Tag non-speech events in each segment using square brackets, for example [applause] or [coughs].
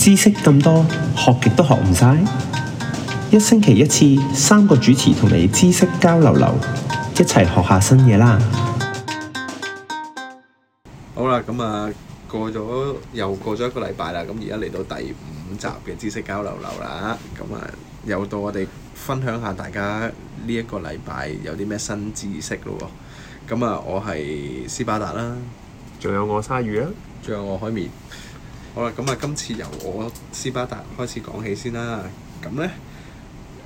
知識咁多，學極都學唔晒。一星期一次，三個主持同你知識交流流，一齊學下新嘢啦。好啦，咁啊，過咗又過咗一個禮拜啦，咁而家嚟到第五集嘅知識交流流啦。咁啊，又到我哋分享下大家呢一個禮拜有啲咩新知識咯。咁啊，我係斯巴達啦，仲有我鯊魚啊，仲有我海綿。好啦，咁啊，今次由我斯巴達開始講起先啦。咁呢，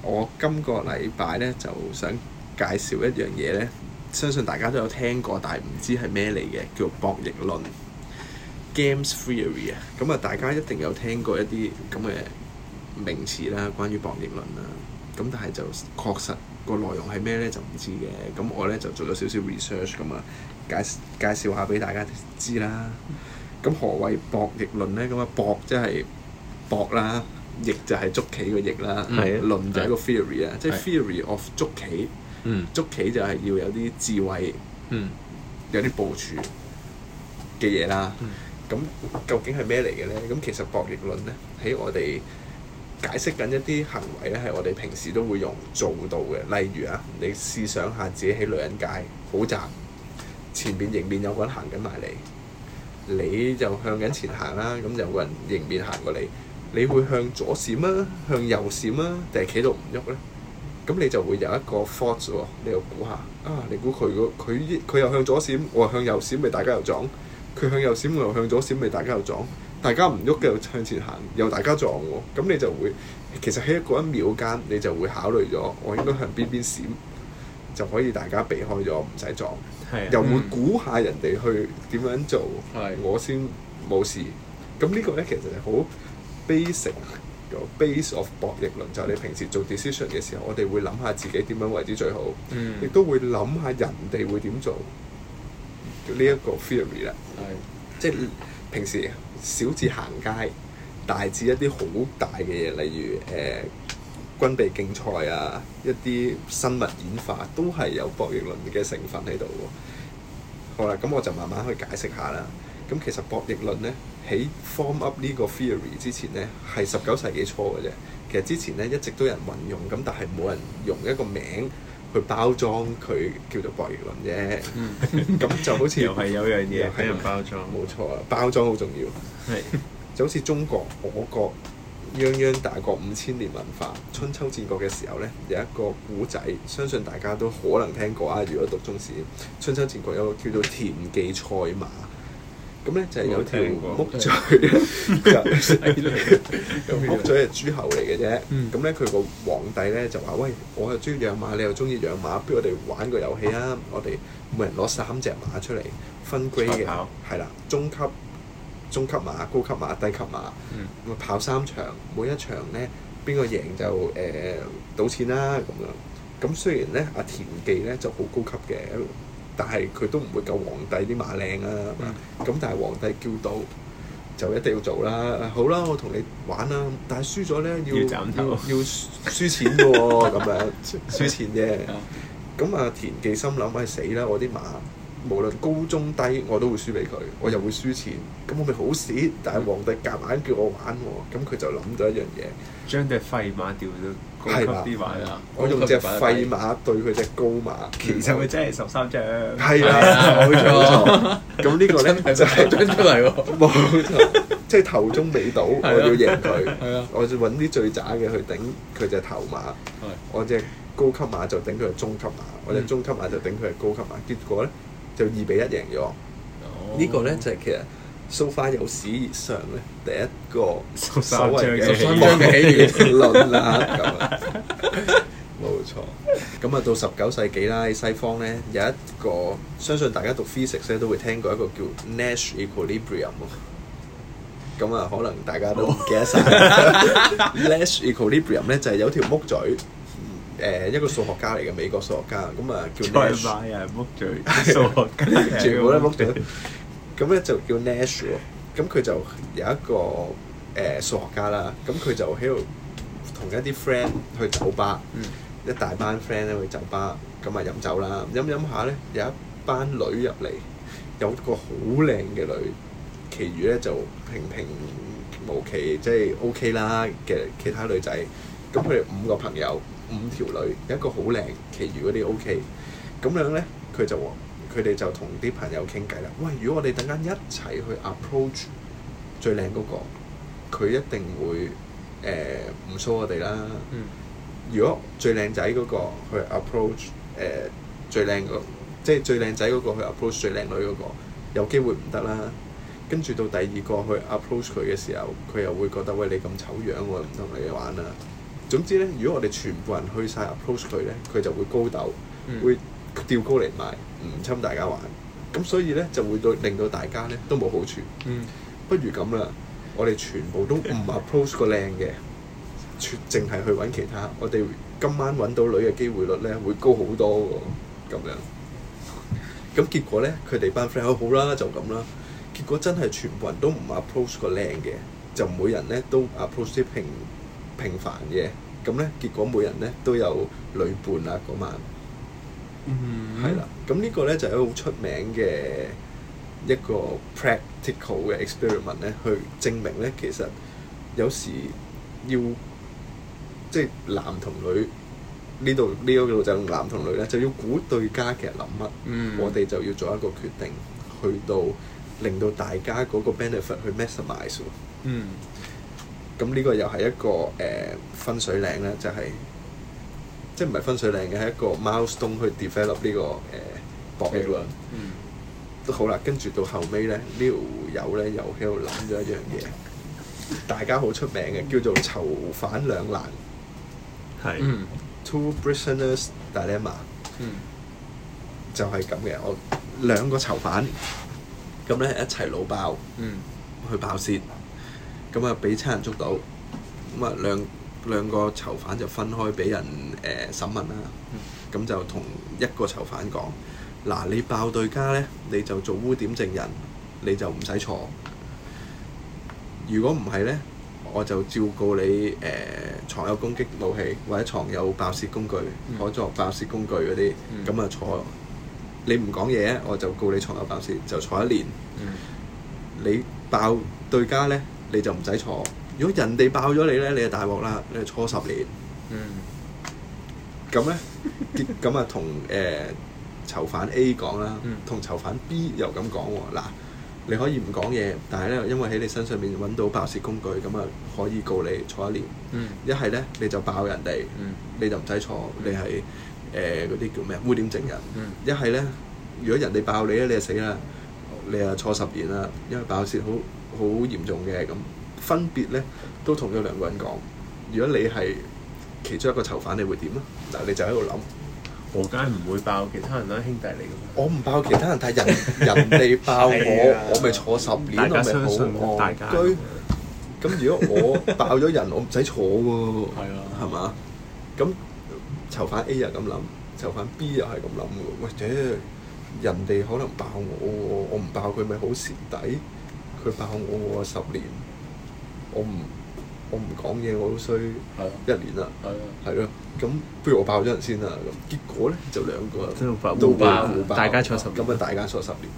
我今個禮拜呢就想介紹一樣嘢呢，相信大家都有聽過，但係唔知係咩嚟嘅，叫做博弈論 （Games f r e o r y 啊。咁啊，大家一定有聽過一啲咁嘅名詞啦，關於博弈論啦。咁但係就確實個內容係咩呢？就唔知嘅。咁我呢，就做咗少少 research 咁啊，介介紹下俾大家知啦。 [laughs] 咁何謂博弈論咧？咁啊，博即係博啦，弈就係捉棋嘅弈啦，嗯、論就係一個 theory 啊是，即係 theory of 捉棋。嗯，捉棋就係要有啲智慧，嗯，有啲部署嘅嘢啦。咁、嗯、究竟係咩嚟嘅咧？咁其實博弈論咧喺我哋解釋緊一啲行為咧，係我哋平時都會用做到嘅。例如啊，你試想下自己喺女人街，好窄，前面迎面有個人行緊埋嚟。你就向緊前行啦，咁有個人迎面行過你，你會向左閃啊，向右閃啊，定係企度唔喐呢？咁你就會有一個 thought 喎，你又估下啊？你估佢個佢佢又向左閃，我向右閃，咪大家又撞；佢向右閃，我又向左閃，咪大家又撞。大家唔喐嘅又向前行，又大家撞喎。咁你就會其實喺一個一秒間，你就會考慮咗，我應該向邊邊閃，就可以大家避開咗，唔使撞。又會估下人哋去點樣做，嗯、我先冇事。咁是呢個咧其實係好 basic 個 base of 博弈論，就係、是、你平時做 decision 嘅時候，我哋會諗下自己點樣為之最好，亦、嗯、都會諗下人哋會點做。呢、這、一個 theory 啦，即係是、就是、平時小至行街，大至一啲好大嘅嘢，例如誒，呃軍備競賽啊，一啲生物演化都係有博弈論嘅成分喺度喎。好啦，咁我就慢慢去解釋下啦。咁其實博弈論呢，喺 form up 呢個 theory 之前呢，係十九世紀初嘅啫。其實之前呢，一直都有人運用，咁但係冇人用一個名去包裝佢叫做博弈論啫。嗯、 [laughs] 咁就好似 [laughs] 又係有樣嘢，又係包裝。冇錯啊，包裝好重要。係， [laughs] [laughs] 就好似中國，我國。泱泱大國五千年文化，春秋戰國嘅時候咧，有一個古仔，相信大家都可能聽過啊！如果讀中史，春秋戰國有個叫做田忌賽馬，咁咧就係有條木嘴， [laughs] [laughs] [laughs] 有木嘴係諸侯嚟嘅啫。咁咧佢個皇帝咧就話：喂，我又中意養馬，你又中意養馬，不如我哋玩個遊戲啊！我哋每人攞三隻馬出嚟分 group 嘅，係跑啦，中級。中級馬、高級馬、低級馬，咪跑三場，每一場咧邊個贏就誒、呃、賭錢啦咁樣。咁雖然咧阿田忌咧就好高級嘅，但係佢都唔會夠皇帝啲馬靚啊。咁、嗯、但係皇帝叫到就一定要做啦。啊、好啦，我同你玩啦。但係輸咗咧要要要輸錢喎，咁樣輸錢啫、喔。咁啊、嗯、田忌心諗啊、哎、死啦！我啲馬。無論高中低，我都會輸俾佢，我又會輸錢，咁我咪好蝕。但係皇帝夾硬叫我玩喎，咁佢就諗咗一樣嘢，將隻廢馬調到高級啲馬啦。我用隻廢馬對佢隻高馬，其實佢真係十三張。係啊，冇錯。咁呢個咧就係張出嚟喎，冇錯，即係頭中未倒，我要贏佢。我揾啲最渣嘅去頂佢隻頭馬，我隻高級馬就頂佢嘅中級馬，我隻中級馬就頂佢嘅高級馬。結果咧～就二比一贏咗，呢、oh. 個呢，就係、是、其實蘇花、so、有史以上第一個 13 所謂嘅雙張嘅起源論啦。冇、啊、 [laughs] 錯，咁啊到十九世紀啦，西方呢，有一個相信大家讀 physics 都會聽過一個叫 Nash equilibrium。咁啊，可能大家都唔記得晒。Nash、oh. [laughs] [laughs] equilibrium 呢，就係、是、有條木嘴。誒，一個數學家嚟嘅，美國數學家，咁啊叫 Nash 啊，木嘴數學家，最好啦木嘴。咁咧就叫 Nash 喎。咁佢就有一個誒數學家啦。咁佢就喺度同一啲 friend 去酒吧，一大班 friend 咧去酒吧，咁啊飲酒啦，飲飲下咧有一班女入嚟，有個好靚嘅女，其餘咧就平平無奇，即係 OK 啦嘅其他女仔。咁佢哋五個朋友。五條女，一個好靚，其餘嗰啲 O K。咁樣咧，佢就佢哋就同啲朋友傾偈啦。喂，如果我哋等間一齊去 approach 最靚嗰、嗰個，佢一定會誒唔蘇我哋啦。嗯、如果最靚仔嗰個去 approach 誒、呃、最靚即係最靚仔嗰個去 approach 最靚女嗰個，有機會唔得啦。跟住到第二個去 approach 佢嘅時候，佢又會覺得喂，你咁醜樣，我唔同你玩啦。總之咧，如果我哋全部人去曬 approach 佢咧，佢就會高竇，會吊高嚟賣，唔侵大家玩。咁所以咧就會到令到大家咧都冇好處。不如咁啦，我哋全部都唔 approach 個靚嘅，淨係去揾其他。我哋今晚揾到女嘅機會率咧會高好多喎。咁樣咁結果咧，佢哋班 friend 好好啦，就咁啦。結果真係全部人都唔 approach 個靚嘅，就每人咧都 approach 啲平平凡嘅，咁咧結果每人咧都有女伴啊，嗰晚，嗯，係啦，咁呢個咧就係一個好出名嘅一個 practical 嘅 experiment 咧，去證明咧其實有時要即係男同女呢度呢度就係男同女咧，就要估對家其實諗乜，我哋就要做一個決定，去到令到大家嗰個 benefit 去 maximize。嗯。咁呢個又係一個誒分水嶺咧，就係即係唔係分水嶺嘅，係一個 milestone 去 develop 呢個誒博弈論喎。都好啦，跟住到後尾咧，呢條友咧又喺度諗咗一樣嘢，大家好出名嘅叫做囚犯兩難，係，two prisoners dilemma，就係咁嘅。我兩個囚犯咁咧一齊老爆，去爆竊。咁啊，俾差人捉到咁啊，兩兩個囚犯就分開俾人誒審問啦。咁就同一個囚犯講：嗱，你爆對家咧，你就做污點證人，你就唔使坐。如果唔係咧，我就照告你誒藏有攻擊武器，或者藏有爆竊工具，可作爆竊工具嗰啲。咁啊，坐。你唔講嘢，我就告你藏有爆竊，就坐一年。你爆對家咧？你就唔使坐。如果人哋爆咗你咧，你就大鑊啦，你坐十年。嗯。咁咧，咁啊同誒囚犯 A 講啦，同囚犯 B 又咁講喎。嗱，你可以唔講嘢，但係咧，因為喺你身上面揾到爆竊工具，咁啊可以告你坐一年。嗯。一係咧，你就爆人哋，你就唔使坐，你係誒嗰啲叫咩啊，污點證人。嗯。一係咧，如果人哋爆你咧，你就死啦，你啊坐十年啦，因為爆竊好。好嚴重嘅咁，分別咧都同咗兩個人講。如果你係其中一個囚犯，你會點啊？嗱，你就喺度諗，我梗係唔會爆其他人啦，兄弟嚟嘅。我唔爆其他人，但係人人哋爆我，我咪坐十年咯，咪好咯。大家相信我。對，咁如果我爆咗人，我唔使坐喎。係啊。係嘛？咁囚犯 A 又咁諗，囚犯 B 又係咁諗，或者人哋可能爆我喎，我唔爆佢咪好蝕底。佢爆我，我十年，我唔我唔講嘢，我都衰一年啦，係咯，咁不如我爆咗人先啦。咁結果咧就兩個都爆，大家坐十年，咁啊大家坐十年，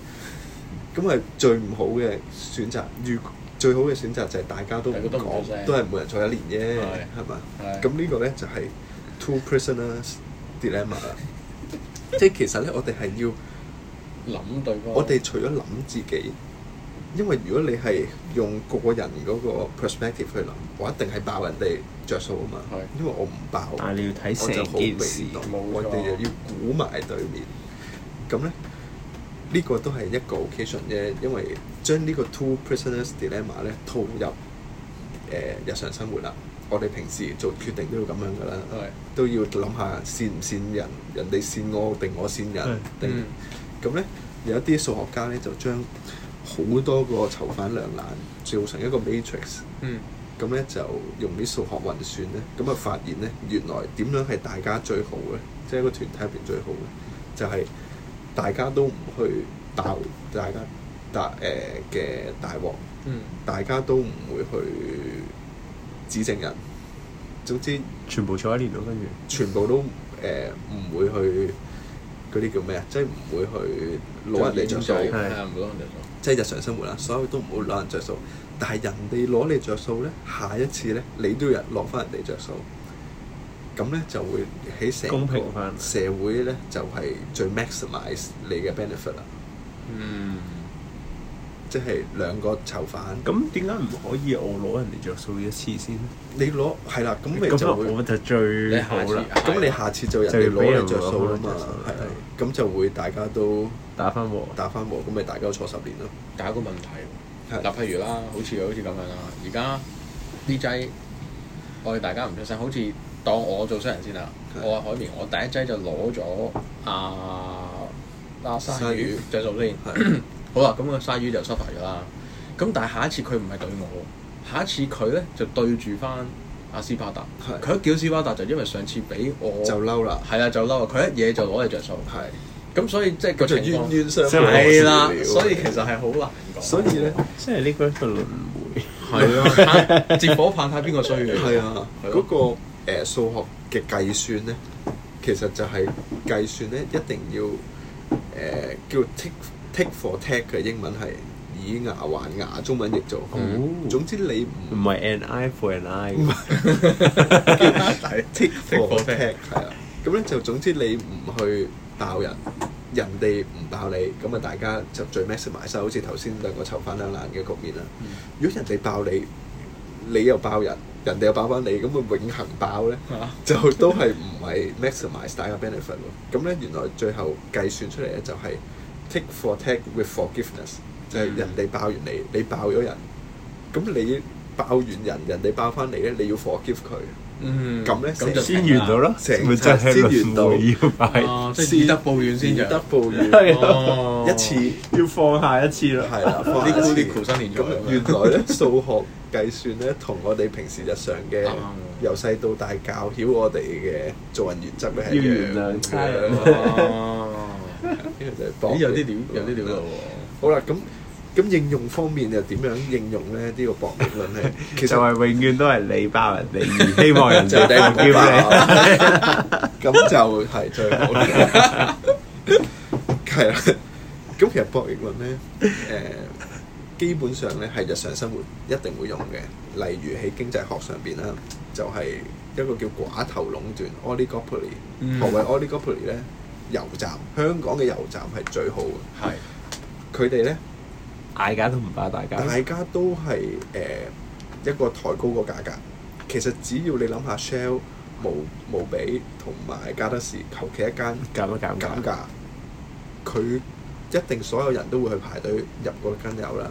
咁啊最唔好嘅選擇，最最好嘅選擇就係大家都唔講，都係每人坐一年啫，係嘛？咁呢個咧就係 two prisoner dilemma。即係其實咧，我哋係要諗對方，我哋除咗諗自己。因為如果你係用個人嗰個 perspective 去諗，我一定係爆人哋着數啊嘛。因為我唔爆，但係你要睇成件事，我哋就要估埋對面。咁咧，呢個都係一個 occasion 啫。因為將呢個 two prisoners dilemma 咧套入誒日常生活啦，我哋平時做決定都要咁樣噶啦，都要諗下善唔善人，人哋善我定我善人定。咁咧，有一啲數學家咧就將好多個囚犯兩難，造成一個 matrix。嗯，咁咧就用啲數學運算咧，咁啊發現咧原來點樣係大家最好嘅，即、就、係、是、一個團體入邊最好嘅，就係、是、大家都唔去鬥、嗯，大家、呃、大誒嘅大鑊。嗯，大家都唔會去指證人。總之，全部坐一年咯，跟住、嗯、全部都誒唔、呃、會去。嗰啲叫咩啊？即係唔會去攞人哋著數，即係日常生活啦，所以都唔會攞人著數。但係人哋攞你著數咧，下一次咧，你都要落翻人哋著數。咁咧就會喺成個社會咧，就係最 maximize 你嘅 benefit 啦。嗯。即係兩個囚犯，咁點解唔可以我攞人哋着數一次先？你攞係啦，咁咪就我就最好啦。咁你下次就人哋攞人著數啦嘛，係。咁就會大家都打翻和，打翻和，咁咪大家坐十年咯。搞個問題，嗱，譬如啦，好似好似咁樣啦，而家啲劑，我哋大家唔出聲，好似當我做出人先啦。我話海綿，我第一劑就攞咗阿拉沙魚著數先。好啦，咁個鯊魚就失敗咗啦。咁但係下一次佢唔係對我，下一次佢咧就對住翻阿斯巴達。係，佢一叫斯巴達就因為上次俾我就嬲啦，係啊就嬲啊，佢一嘢就攞你着數。係，咁所以即係個冤冤相報。係啦，所以其實係好難講。所以咧，即係呢個一個輪迴。係啊，接火棒睇邊個衰嘅。係啊，嗰個誒數學嘅計算咧，其實就係計算咧，一定要誒叫 take。Tit for tat 嘅英文係以牙還牙，中文譯做。總之你唔唔係 an eye for an eye。叫咩啊？係 tit for tat 係啦。咁咧就總之你唔去爆人，人哋唔爆你，咁啊大家就最 maximize 好似頭先兩個囚犯兩難嘅局面啦。如果人哋爆你，你又爆人，人哋又爆翻你，咁咪永恆爆咧？就都係唔係 maximize 大嘅 benefit 喎？咁咧原來最後計算出嚟咧就係。Take for take with forgiveness，就係人哋爆完你，你爆咗人，咁你爆完人，人哋爆翻嚟咧，你要 forgive 佢。嗯，咁咧先完到咯，成咪真係唔要敗，以德報怨先，得報怨，一次要放下一次咯。係啦，呢啲苦心原來咧數學計算咧，同我哋平時日常嘅由細到大教曉我哋嘅做人原則咧係一樣。要原諒。咦？有啲料，有啲料咯喎！好啦，咁咁應用方面又點樣應用咧？呢個博弈論咧，其實係永遠都係你包人哋，希望人哋就呢個機會，咁就係最好嘅。係啦，咁其實博弈論咧，誒，基本上咧係日常生活一定會用嘅，例如喺經濟學上邊啦，就係一個叫寡頭壟斷 （oligopoly）。何謂 oligopoly 咧？油站，香港嘅油站係最好嘅，係佢哋咧，大家都唔怕大家，大家都係誒、呃、一個抬高個價格。其實只要你諗下 Shell 無無比同埋加德士，求其一間減都減價，佢價一定所有人都會去排隊入嗰間油啦。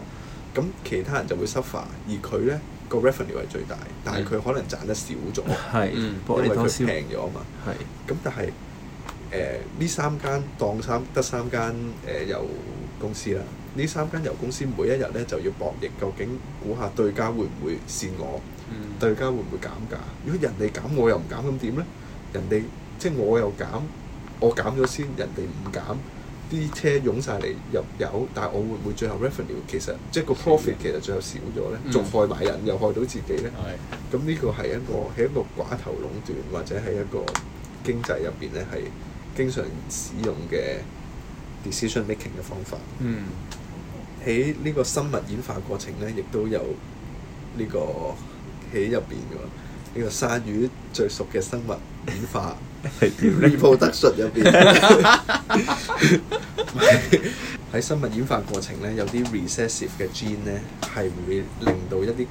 咁其他人就會 suffer，而佢咧個 revenue 係最大，嗯、但係佢可能賺得少咗，係、嗯、因為佢平咗啊嘛。係咁、嗯，的但係。誒呢、呃、三間當三得三間誒油、呃、公司啦。呢三間油公司每一日咧就要博弈，究竟估下對家會唔會善我？嗯、對家會唔會減價？如果人哋減、減，我又唔減，咁點咧？人哋即係我又減，我減咗先，人哋唔減，啲車湧晒嚟入油，但係我會唔會最後 revenue 其實即係個 profit 的其實最後少咗咧，仲、嗯、害埋人又害到自己咧。咁呢的個係一個喺一個寡頭壟斷或者係一個經濟入邊咧係。經常使用嘅 decision making 嘅方法，喺呢、嗯、個生物演化過程咧，亦都有呢、這個喺入邊㗎喎。呢、這個鯊魚最熟嘅生物演化，係 reproduction 入邊。喺 [laughs] [laughs] 生物演化過程咧，有啲 recessive 嘅 gene 咧，係會令到一啲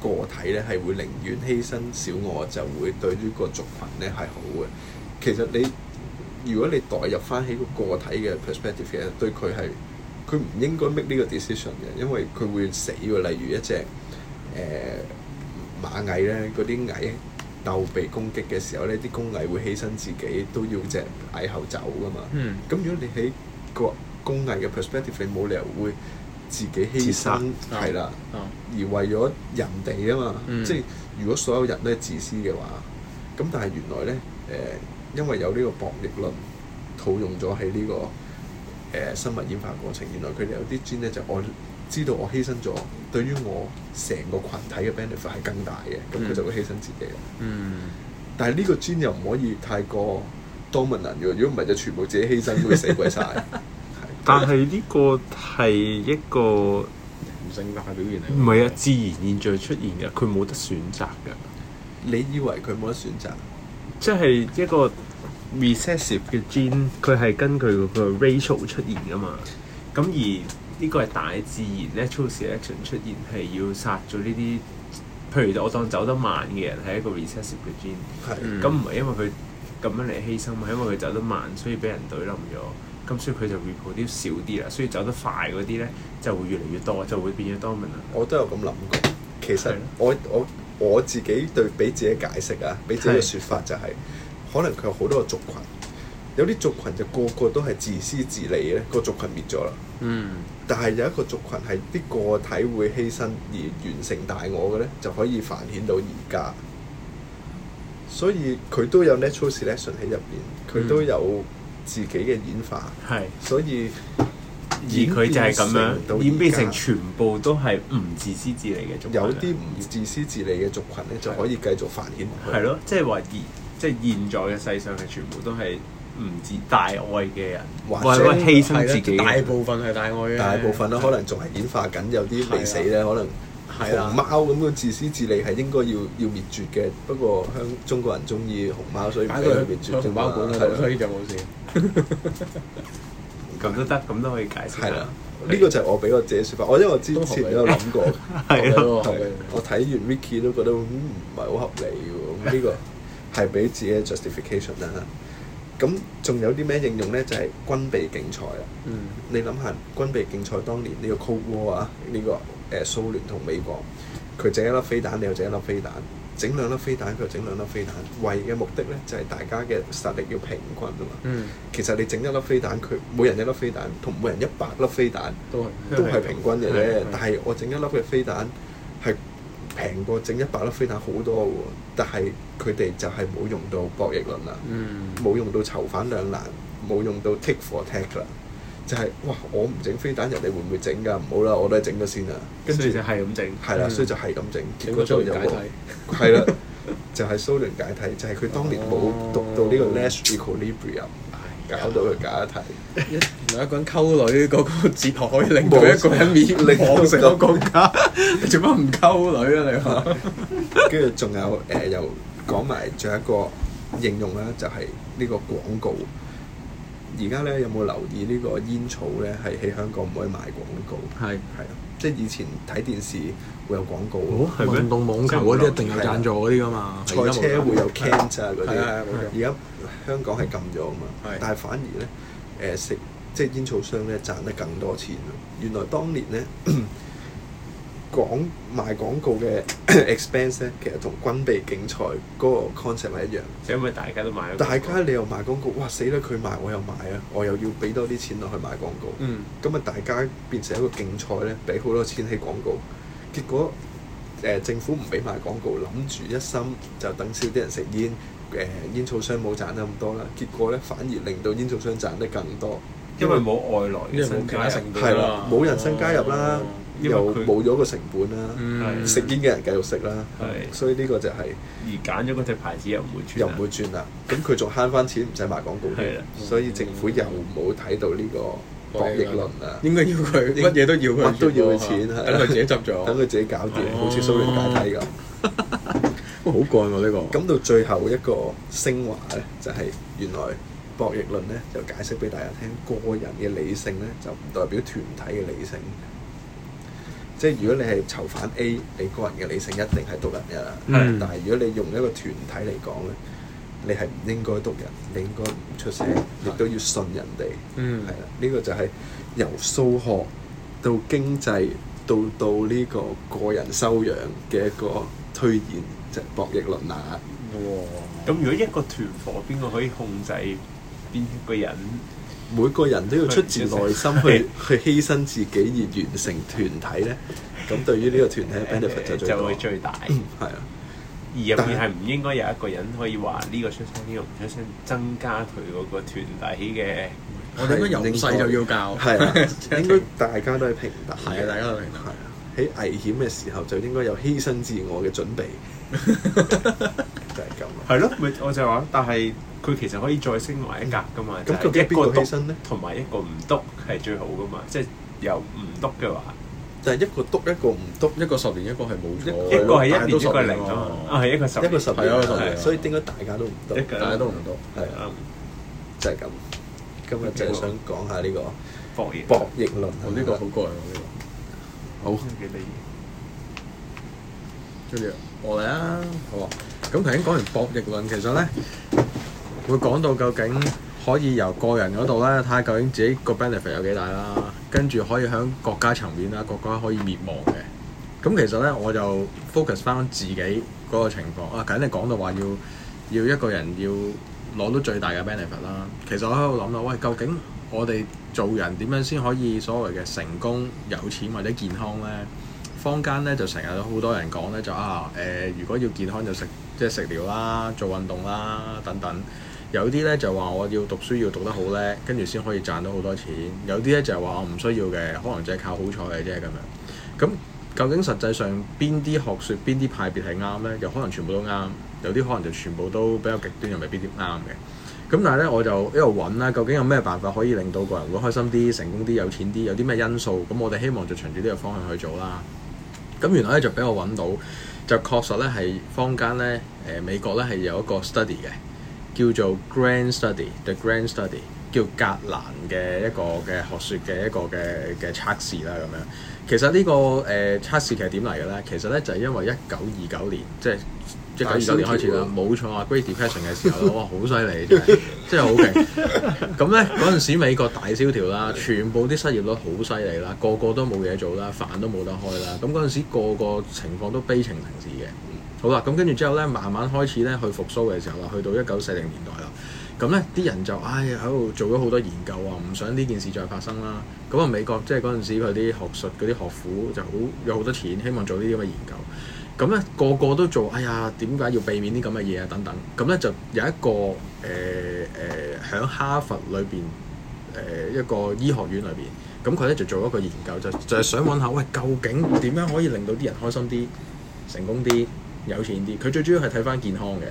個體咧，係會寧願犧牲小我，就會對呢個族群咧係好嘅。其實你。如果你代入翻起個個體嘅 perspective 咧，對佢係佢唔應該 make 呢個 decision 嘅，因為佢會死喎。例如一隻誒螞蟻咧，嗰啲蟻竇被攻擊嘅時候咧，啲工蟻會犧牲自己都要隻蟻後走噶嘛。咁、嗯、如果你喺個工蟻嘅 perspective，你冇理由會自己犧牲係啦，而為咗人哋啊嘛。嗯、即係如果所有人都係自私嘅話，咁但係原來咧誒。呃呃因為有呢個博弈論套用咗喺呢個誒、呃、生物演化過程，原來佢哋有啲 gene 咧就是、我知道我犧牲咗，對於我成個群體嘅 benefit 係更大嘅，咁佢就會犧牲自己。嗯，但係呢個 gene 又唔可以太過 dominant，如果如果唔係就全部自己犧牲都會死鬼晒。 [laughs] 是但係呢個係一個人性化表現係。唔係啊，自然現象出現㗎，佢冇得選擇㗎。你以為佢冇得選擇？即係一個。recessive 嘅 gene 佢係根據嗰個 ratio 出現㗎嘛，咁而呢個係大自然咧 n a t u selection 出現係要殺咗呢啲，譬如我當走得慢嘅人係一個 recessive 嘅 gene，咁唔係因為佢咁樣嚟犧牲嘛，因為佢走得慢所以俾人隊冧咗，咁所以佢就 r e p o d u c 少啲啦，所以走得快嗰啲咧就會越嚟越多，就會變咗 d o m i n a 我都有咁諗過，其實我的我我，我自己對俾自己解釋啊，俾自己嘅説法就係、是。可能佢有好多個族群，有啲族群就個個、個都係自私自利嘅，那個族群滅咗啦。嗯，但係有一個族群係啲個體會犧牲而完成大我嘅咧，就可以繁衍到而家。所以佢都有 natural selection 喺入邊，佢、嗯、都有自己嘅演化。係是，所以而佢就係咁樣演變成全部都係唔自私自利嘅族群。有啲唔自私自利嘅族群咧，就可以繼續繁衍落去。係咯，即係話而。即係現在嘅世上係全部都係唔止大愛嘅人，或者犧牲自己。大部分係大愛嘅。大部分啦，可能仲係演化緊，有啲未死咧，可能熊貓咁嘅自私自利係應該要要滅絕嘅。不過香中國人中意熊貓，所以唔能夠滅絕。熊貓館啊，所以就冇事。咁都得，咁都可以解釋。係啦，呢個就係我俾我自己説法。我因為我之前都有諗過，係啊，我睇完 Vicky 都覺得唔係好合理喎。呢個。係俾自己 justification 啦，咁仲有啲咩應用呢？就係軍備競賽啊！嗯，你諗下軍備競賽當年呢個 cold war 啊，呢個誒蘇聯同美國，佢整一粒飛彈，你又整一粒飛彈，整兩粒飛彈，佢又整兩粒飛彈，為嘅目的呢就係大家嘅實力要平均啊嘛。嗯，其實你整一粒飛彈，佢每人一粒飛彈同每人一百粒飛彈都係都係平均嘅啫，但係我整一粒嘅飛彈，平過整一百粒飛彈好多喎，但係佢哋就係冇用到博弈論啦，冇、嗯、用到囚犯兩難，冇用到 tit for tat 啦，就係、是、哇我唔整飛彈，人哋會唔會整㗎？唔好啦，我都係整咗先啦，跟住就係咁整，係啦，所以就係咁整結果就係解體，係啦， [laughs] 就係、是、蘇聯解體，就係、是、佢當年冇讀到呢個 Nash equilibrium，搞 [laughs] 到佢解體。Oh, my [laughs] 一個人溝女嗰個哲學，可以令到一個人滅，令成個國家。你做乜唔溝女啊？你話跟住仲有誒，又講埋仲有一個應用咧，就係呢個廣告。而家咧有冇留意呢個煙草咧？係喺香港唔可以賣廣告。係係啊，即係以前睇電視會有廣告啊，運動網球嗰啲一定有贊助嗰啲噶嘛，賽車會有 Kent 啊嗰啲。而家香港係禁咗啊嘛，但係反而咧誒食。即係煙草商咧賺得更多錢。原來當年呢，廣 [coughs] 賣廣告嘅 [coughs] expense 咧，其實同軍備競賽嗰個 concept 係一樣。所以咪大家都賣，大家你又賣廣告，哇死啦！佢賣，我又買啊，我又要俾多啲錢落去賣廣告。咁啊、嗯，大家變成一個競賽咧，俾好多錢喺廣告。結果、呃、政府唔俾賣廣告，諗住一心就等少啲人食煙。誒、呃、煙草商冇賺得咁多啦。結果咧，反而令到煙草商賺得更多。因為冇外來，因為冇其他成本啦，冇人生加入啦，又冇咗個成本啦，食煙嘅人繼續食啦，所以呢個就係而揀咗嗰隻牌子又唔會轉，又唔會轉啦。咁佢仲慳翻錢，唔使賣廣告嘅，所以政府又冇睇到呢個博弈論啊。應該要佢乜嘢都要佢，都要佢錢，等佢自己執咗，等佢自己搞掂，好似蘇聯解體咁，好過我呢個。咁到最後一個升華咧，就係原來。博弈論咧就解釋俾大家聽，個人嘅理性咧就唔代表團體嘅理性。即係如果你係囚犯 A，你個人嘅理性一定係獨人㗎啦。但係如果你用一個團體嚟講咧，你係唔應該獨人，你應該唔出聲，亦都要信人哋。係啦，呢個就係由數學到經濟到到呢個個人修養嘅一個推演，就係博弈論啦。哇！咁如果一個團伙，邊個可以控制？邊個人每個人都要出自內心去 [laughs] 去犧牲自己而完成團體咧，咁對於呢個團體嘅 benefit [laughs] 就就會最大。係 [coughs] 啊，而入裡面係唔但應該有一個人可以話呢個出聲，呢個唔出聲，增加佢嗰個團體嘅。我哋應該覺得由細就要教，係 [laughs] 啊， [laughs] 應該大家都係平等。係 [laughs] 啊，大家都平等。係啊，喺危險嘅時候，就應該有犧牲自我嘅準備。就係咁。係咯，咪我就話，但係佢其實可以再升埋一格噶嘛。咁究竟邊個篤身咧？同埋一個唔篤係最好噶嘛。即係又唔篤嘅話，就係一個篤一個唔篤，一個十年一個係冇咗，一個係一年一個零啫嘛。啊，係一個十，一個十年啊，係啊，所以應該大家都唔篤，大家都唔篤，係啊，就係咁。今日就係想講下呢個博奕博奕論，我呢個好過人，呢個好。幾得意。我嚟啦，好啊。咁頭先講完博弈論，其實咧會講到究竟可以由個人嗰度咧睇下究竟自己個 benefit 有幾大啦，跟住可以喺國家層面啦，國家可以滅亡嘅。咁其實咧我就 focus 返自己嗰個情況啊，梗係講到話要要一個人要攞到最大嘅 benefit 啦。其實我喺度諗啦，喂，究竟我哋做人點樣先可以所謂嘅成功、有錢或者健康咧？坊間咧就成日都好多人講咧，就啊誒、呃，如果要健康就食即係食療啦，做運動啦等等。有啲咧就話我要讀書要讀得好叻，跟住先可以賺到好多錢。有啲咧就係話我唔需要嘅，可能淨係靠好彩嘅啫咁樣。咁究竟實際上邊啲學説邊啲派別係啱咧？又可能全部都啱，有啲可能就全部都比較極端，又未必啲啱嘅。咁但係咧，我就一路揾啦，究竟有咩辦法可以令到個人會開心啲、成功啲、有錢啲？有啲咩因素？咁我哋希望就循住呢個方向去做啦。咁原來咧就俾我揾到，就確實咧係坊間咧，誒、呃、美國咧係有一個 study 嘅，叫做 Grand Study，The Grand Study，叫格蘭嘅一個嘅學說嘅一個嘅嘅測試啦咁樣。其實呢、呢個誒、呃、測試其實點嚟嘅咧？其實咧就係、是、因為一九二九年，即係一九二九年開始啦，冇錯啊，Great Depression 嘅時候啦， [laughs] 哇，好犀利，真係真係好勁。咁咧嗰陣時美國大蕭條啦，全部啲失業率好犀利啦，個個都冇嘢做啦，飯都冇得開啦。咁嗰陣時個個情況都悲情城市嘅。好啦，咁跟住之後咧，慢慢開始咧去復甦嘅時候啦，去到一九四零年代。咁咧，啲人就哎呀喺度做咗好多研究啊，唔想呢件事再發生啦。咁啊，美國即係嗰陣時佢啲學術嗰啲學府就好有好多錢，希望做呢啲咁嘅研究。咁咧個個都做，哎呀，點解要避免啲咁嘅嘢啊？等等。咁咧就有一個誒誒喺哈佛裏邊誒一個醫學院裏邊，咁佢咧就做一個研究，就就係想問下喂究竟點樣可以令到啲人開心啲、成功啲、有錢啲。佢最主要係睇翻健康嘅。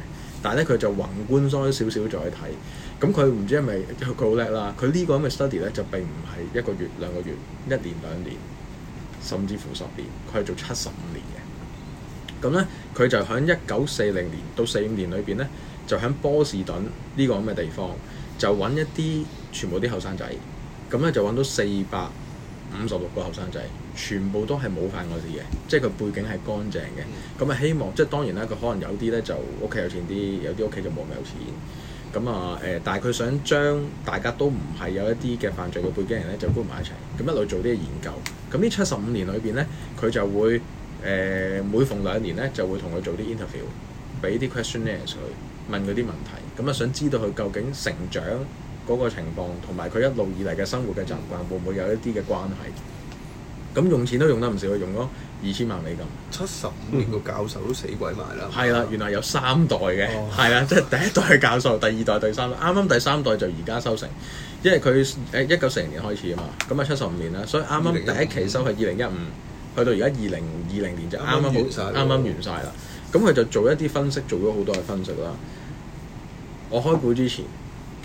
但係咧佢就宏觀多少少再睇，咁佢唔知係咪佢佢好叻啦？佢呢個咁嘅 study 咧就並唔係一個月、兩個月、一年、兩年，甚至乎十年，佢係做七十五年嘅。咁咧佢就喺一九四零年到四五年裏邊咧，就喺波士頓呢個咁嘅地方，就揾一啲全部啲後生仔，咁咧就揾到四百。五十六個後生仔，全部都係冇犯過事嘅，即係佢背景係乾淨嘅。咁啊，希望即係當然啦，佢可能有啲咧就屋企有錢啲，有啲屋企就冇咁有，有錢。咁啊誒，但係佢想將大家都唔係有一啲嘅犯罪嘅背景人咧，就搬埋一齊，咁一路做啲研究。咁呢七十五年裏邊咧，佢就會誒、呃、每逢兩年咧，就會同佢做啲 interview，俾啲 questionnaire 佢問佢啲問題，咁啊想知道佢究竟成長。嗰個情況同埋佢一路以嚟嘅生活嘅習慣，會唔會有一啲嘅關係？咁用錢都用得唔少，佢用咗二千萬美金。七十五年個教授都死鬼埋啦。係啦、嗯，的原來有三代嘅，係啦、oh.，即、就、係、是、第一代係教授，第二代、第三代，啱啱第三代就而家收成，因為佢誒一九四零年開始啊嘛，咁啊七十五年啦，所以啱啱第一期收係二零一五，去到而家二零二零年就啱啱好晒。啱啱完晒啦。咁佢就做一啲分析，做咗好多嘅分析啦。我開估之前。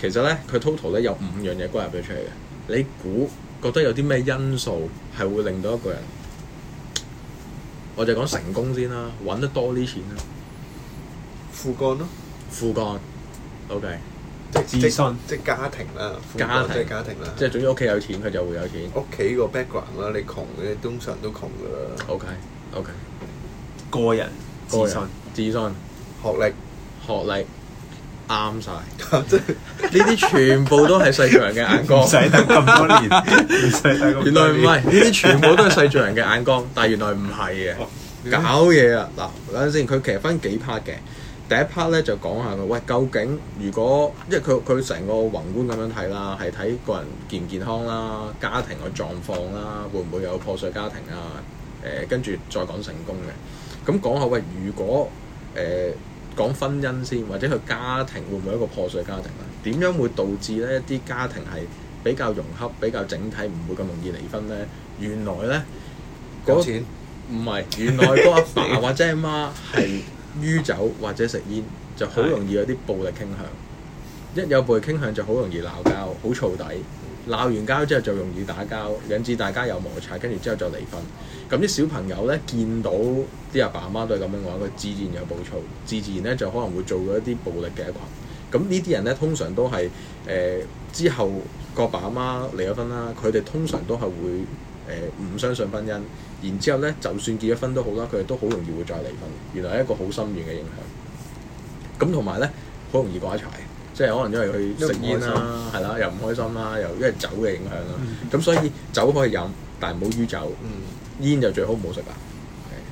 其實咧，佢 total 咧有五樣嘢歸入咗出嚟嘅。你估覺得有啲咩因素係會令到一個人，我就講成功先啦，揾得多啲錢啦？父幹咯、啊，父幹，OK，即係自信，即係家庭啦，家即庭係家庭啦，即係總之屋企有錢佢就會有錢。屋企個 background 啦，你窮咧通常都窮噶啦。OK，OK，okay, okay 個人，自信，自信，自信，學歷，學歷。啱晒，呢啲 [laughs] 全部都係世俗人嘅眼光，洗得咁多年，原來唔係，呢啲全部都係世俗人嘅眼光，但係原來唔係嘅，哦、搞嘢啊！嗱，等陣先，佢其實分幾 part 嘅，第一 part 咧就講下佢，喂，究竟如果因為佢佢成個宏觀咁樣睇啦，係睇個人健唔健康啦，家庭嘅狀況啦，會唔會有破碎家庭啊？誒、呃，跟住再講成功嘅，咁講下喂，如果誒。呃講婚姻先，或者佢家庭會唔會一個破碎家庭啊？點樣會導致呢一啲家庭係比較融洽、比較整體，唔會咁容易離婚呢？原來呢，講、嗰個、錢唔係原來嗰阿爸，爸或者阿媽係酗酒或者食煙， [laughs] 就好容易有啲暴力傾向。的一有暴力傾向就好容易鬧交，好燥底。鬧完交之後就容易打交，引致大家有摩擦，跟住之後就離婚。咁啲小朋友呢，見到。啲阿爸阿媽都係咁樣話，佢自然有暴躁，自然咧就可能會做咗一啲暴力嘅一羣。咁、嗯、呢啲人咧通常都係誒、呃、之後個爸阿媽離咗婚啦，佢哋通常都係會誒唔、呃、相信婚姻。然之後咧，就算結咗婚都好啦，佢哋都好容易會再離婚。原來係一個好深遠嘅影響。咁同埋咧，好容易瓜一柴，即係可能因為去食煙啦、啊，係啦，又唔開心啦、啊，又因為酒嘅影響啦、啊。咁 [laughs] 所以酒可以飲，但係唔好酗酒。煙、 [laughs] 嗯、就最好唔好食啦。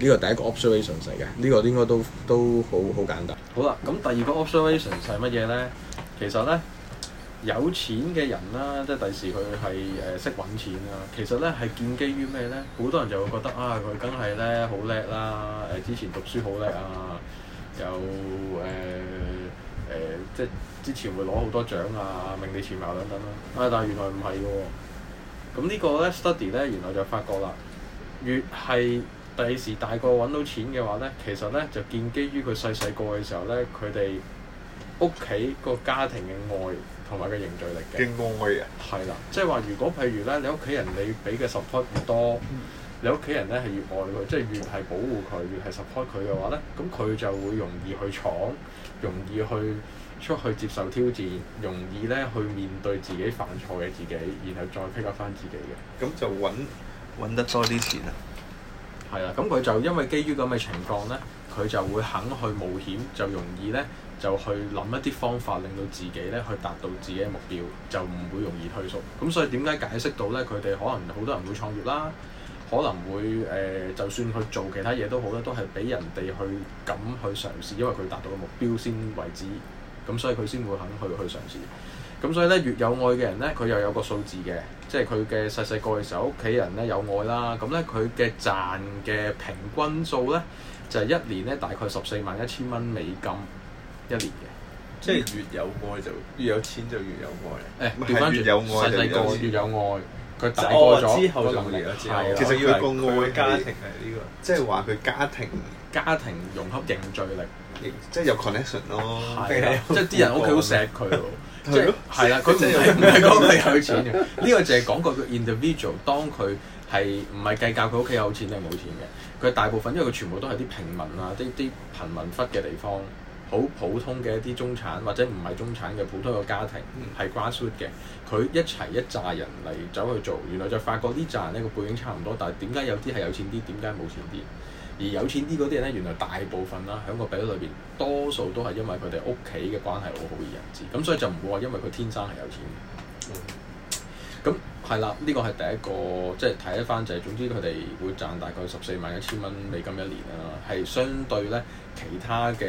呢個第一個 observation 係嘅，呢個應該都都好好簡單。好啦，咁第二個 observation 係乜嘢呢？其實呢，有錢嘅人啦，即係第時佢係誒識揾錢啊，其實呢，係建基於咩呢？好多人就會覺得啊，佢梗係呢好叻啦，誒之前讀書好叻啊，又誒誒、呃呃、即係之前會攞好多獎啊、名列前茅等等啦。啊，但係原來唔係喎。咁呢個呢 study 呢，原來就發覺啦，越係，第時大個揾到錢嘅話咧，其實咧就建基於佢細細個嘅時候咧，佢哋屋企個家庭嘅愛同埋個凝聚力嘅愛啊，係啦，即係話如果譬如咧，你屋企人你俾嘅 support 越多，你屋企人咧係越愛佢，即係越係保護佢，越係 support 佢嘅話咧，咁佢就會容易去闖，容易去出去接受挑戰，容易咧去面對自己犯錯嘅自己，然後再 pick up 翻自己嘅，咁就揾揾得多啲錢啊！係啦，咁佢就因為基於咁嘅情況咧，佢就會肯去冒險，就容易咧就去諗一啲方法，令到自己咧去達到自己嘅目標，就唔會容易退縮。咁所以點解解釋到咧？佢哋可能好多人會創業啦，可能會誒、呃，就算去做其他嘢都好啦，都係俾人哋去敢去嘗試，因為佢達到嘅目標先為止。咁所以佢先會肯去去嘗試。咁所以咧，越有愛嘅人咧，佢又有個數字嘅，即係佢嘅細細個嘅時候，屋企人咧有愛啦。咁咧，佢嘅賺嘅平均數咧，就係一年咧大概十四萬一千蚊美金一年嘅。即係越有愛就越有錢，就越有愛。誒，掉返轉，細細個，越有愛。佢大個咗，之後就其實要有個愛嘅家庭係呢個。即係話佢家庭家庭融合凝聚力，即係有 connection 咯。即係啲人屋企好錫佢。即係係啦，佢唔係唔係講佢有錢嘅，呢 [laughs] 個就係講個個 individual 當佢係唔係計較佢屋企有錢定冇錢嘅。佢大部分因為佢全部都係啲平民啊，啲啲貧民窟嘅地方，好普通嘅一啲中產或者唔係中產嘅普通嘅家庭係 graduate 嘅，佢一齊一紮人嚟走去做，原來就發覺啲紮人呢個背景差唔多，但係點解有啲係有錢啲，點解冇錢啲？而有錢啲嗰啲人咧，原來大部分啦，喺個比率裏邊，多數都係因為佢哋屋企嘅關係好好而人知。咁所以就唔會話因為佢天生係有錢嘅。嗯。咁係啦，呢、這個係第一個，即係睇一翻就係，總之佢哋會賺大概十四萬一千蚊美金一年啦，係相對咧其他嘅誒、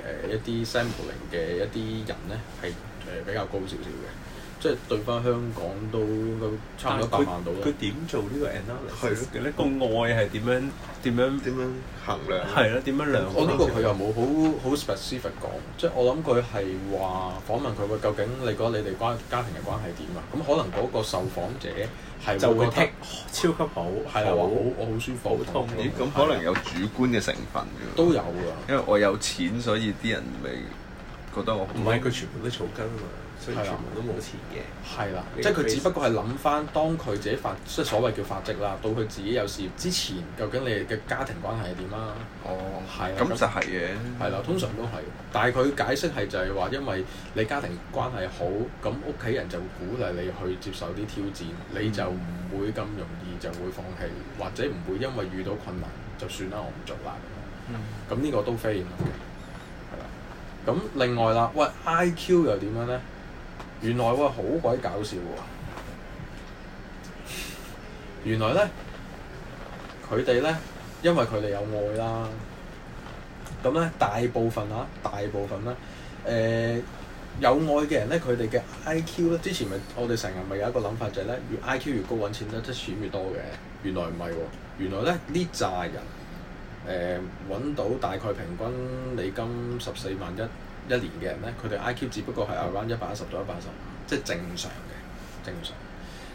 呃、一啲 sampling 嘅一啲人咧，係誒、呃、比較高少少嘅。即係對翻香港都應該差唔多百萬到啦。佢點做呢個 analysis 嘅咧？個愛係點樣？點樣？點樣衡量？係啦，點樣量？我呢個佢又冇好好 specific 講，即係我諗佢係話訪問佢，究竟你覺得你哋關家庭嘅關係點啊？咁可能嗰個受訪者係就會剔超級好，係啊，我好我好舒服，好痛點？咁可能有主觀嘅成分㗎。都有㗎。因為我有錢，所以啲人咪覺得我唔係佢全部都草根啊嘛。係啦，即係佢只不過係諗翻當佢自己發，即係所謂叫發跡啦，到佢自己有事業之前，究竟你嘅家庭關係係點啊？哦，係啊，咁就係嘅。係啦，通常都係，但係佢解釋係就係話，因為你家庭關係好，咁屋企人就鼓勵你去接受啲挑戰，你就唔會咁容易就會放棄，嗯、或者唔會因為遇到困難就算啦，我唔做啦。嗯。咁呢個都飛。係啦。咁另外啦，喂，IQ 又點樣呢？原來喎，好鬼搞笑喎！原來咧，佢哋咧，因為佢哋有愛啦，咁咧大部分啊，大部分啦、啊，誒、呃、有愛嘅人咧，佢哋嘅 IQ 咧，之前咪我哋成日咪有一個諗法就係咧，越 IQ 越高揾錢得，即錢越多嘅。原來唔係喎，原來咧呢扎人誒揾、呃、到大概平均理金十四萬一。一年嘅人咧，佢哋 IQ 只不過係 around 一百一十到一百一十五，嗯，即係正常嘅，正常。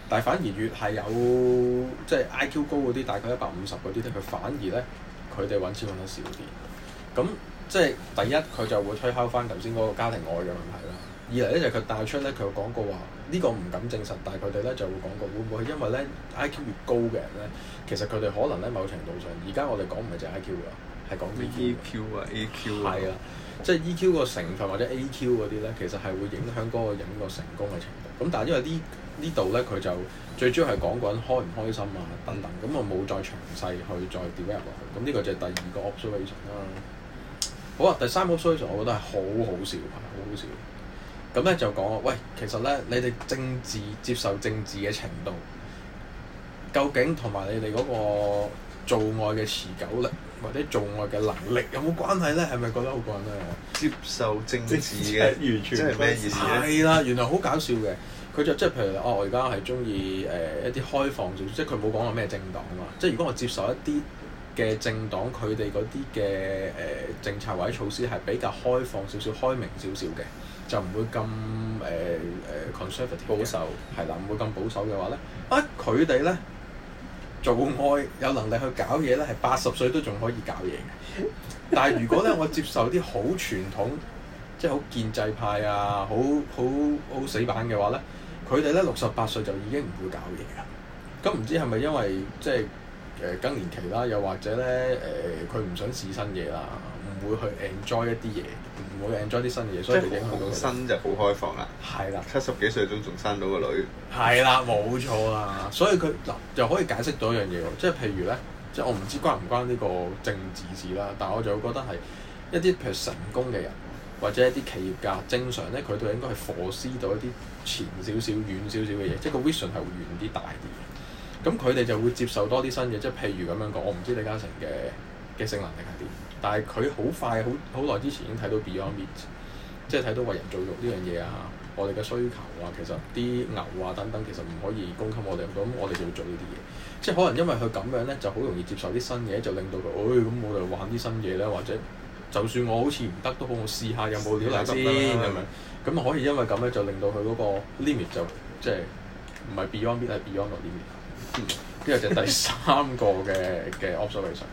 但係反而越係有即係、就是、IQ 高嗰啲，大概一百五十嗰啲咧，佢反而咧佢哋揾錢揾得少啲。咁即係第一，佢就會推敲翻頭先嗰個家庭愛嘅問題啦。二嚟咧就佢、是、帶出咧佢有講過話，呢個唔敢證實，但係佢哋咧就會講過會唔會因為咧 IQ 越高嘅人咧，其實佢哋可能咧某程度上，而家我哋講唔係淨 IQ 㗎，係講 EQ 啊，A Q 啊。即係 EQ 個成分或者 AQ 嗰啲咧，其實係會影響嗰個人個成功嘅程度。咁但係因為呢呢度咧，佢就最主要係講個人開唔開心啊，等等，咁我冇再詳細去再掉入落去。咁呢個就係第二個 observation 啦、啊。好啊，第三個 observation 我覺得係好好笑啊，好好笑。咁咧就講喂，其實咧你哋政治接受政治嘅程度，究竟同埋你哋嗰個做愛嘅持久力？或者做愛嘅能力有冇關係咧？係咪覺得好過人咧？接受政治嘅 [laughs] 完全係咩意思係啦 [laughs] 原來好搞笑嘅。佢就即係譬如哦，我而家係中意誒一啲開放少少，即係佢冇講過咩政黨啊。即係如果我接受一啲嘅政黨，佢哋嗰啲嘅誒政策或者措施係比較開放少少、開明少少嘅，就唔會咁誒誒 conservative 保守係啦，唔 [laughs] 會咁保守嘅話咧，啊佢哋咧。做愛有能力去搞嘢咧，係八十歲都仲可以搞嘢嘅。但係如果咧我接受啲好傳統，即係好建制派啊，好好好死板嘅話咧，佢哋咧六十八歲就已經唔會搞嘢㗎。咁唔知係咪因為即係誒、呃、更年期啦？又或者咧誒佢唔想試新嘢啦？會去 enjoy 一啲嘢，唔會 enjoy 啲新嘅嘢，所以好新就好開放啦。係啦，七十幾歲都仲生到個女，係啦，冇錯啊。所以佢嗱又可以解釋到一樣嘢喎。即係譬如咧，即係我唔知關唔關呢個政治事啦，但係我就覺得係一啲譬如成功嘅人或者一啲企業家，正常咧佢對應該係 foresight 到一啲前少少遠少少嘅嘢，即係個 vision 係會遠啲大啲嘅。咁佢哋就會接受多啲新嘢，即係譬如咁樣講，我唔知李嘉誠嘅嘅性能力係點。但係佢好快，好好耐之前已經睇到 Beyond Meat 即係睇到人造肉呢樣嘢啊！我哋嘅需求啊，其實啲牛啊等等，其實唔可以供給我哋，咁我哋就要做呢啲嘢。即係可能因為佢咁樣咧，就好容易接受啲新嘢，就令到佢，誒、哎、咁我哋玩啲新嘢咧，或者就算我好似唔得都好，我試下有冇料嚟先，係咪？咁吧可以因為咁咧，就令到佢嗰個 limit 就即係唔係 Beyond Meat 係 Beyond Limit。嗯，呢個就第三個嘅嘅 [laughs] observation。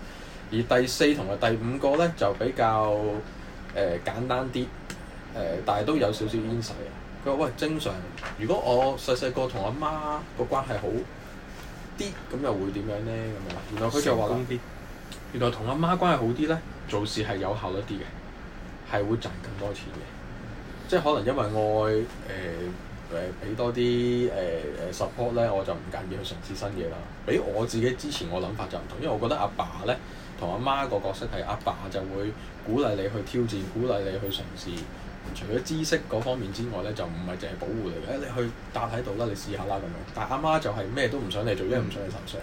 而第四同埋第五個咧就比較誒、呃、簡單啲，誒、呃、但係都有少少煙屎。佢話喂，正常如果我細細個同阿媽個關係好啲，咁又會點樣咧？咁啊，原來佢就話咁啲。原來同阿媽關係好啲咧，做事係有效率啲嘅，係會賺更多錢嘅。即係可能因為愛誒。呃誒俾多啲誒誒 support 咧，我就唔介意去嘗試新嘢啦。俾我自己之前我諗法就唔同，因為我覺得阿爸咧同阿媽個角色係阿爸，爸就會鼓勵你去挑戰，鼓勵你去嘗試。除咗知識嗰方面之外咧，就唔係淨係保護你，誒、哎、你去搭喺度啦，你試下啦咁樣。但係阿媽就係咩都唔想你做，因為唔想你受傷。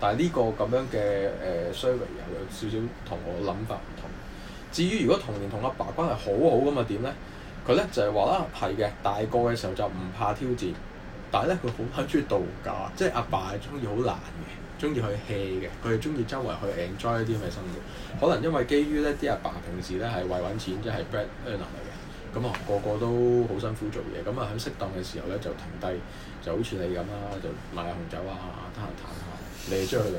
但係呢個咁樣嘅誒、呃、survey 又有少少同我諗法唔同。至於如果童年同阿爸，爸關係好好咁啊點咧？佢咧就係話啦，係嘅，大個嘅時候就唔怕挑戰，但係咧佢好肯中意度假，即係阿爸係中意好懶嘅，中意去 hea 嘅，佢係中意周圍去 enjoy 一啲咁嘅生活。可能因為基於咧啲阿爸平時咧係為揾錢，即係 breadwinner 嚟嘅，咁啊個個都好辛苦做嘢，咁啊喺適當嘅時候咧就停低，就好似你咁啦，就買下紅酒啊，得閒攤下。你係中意去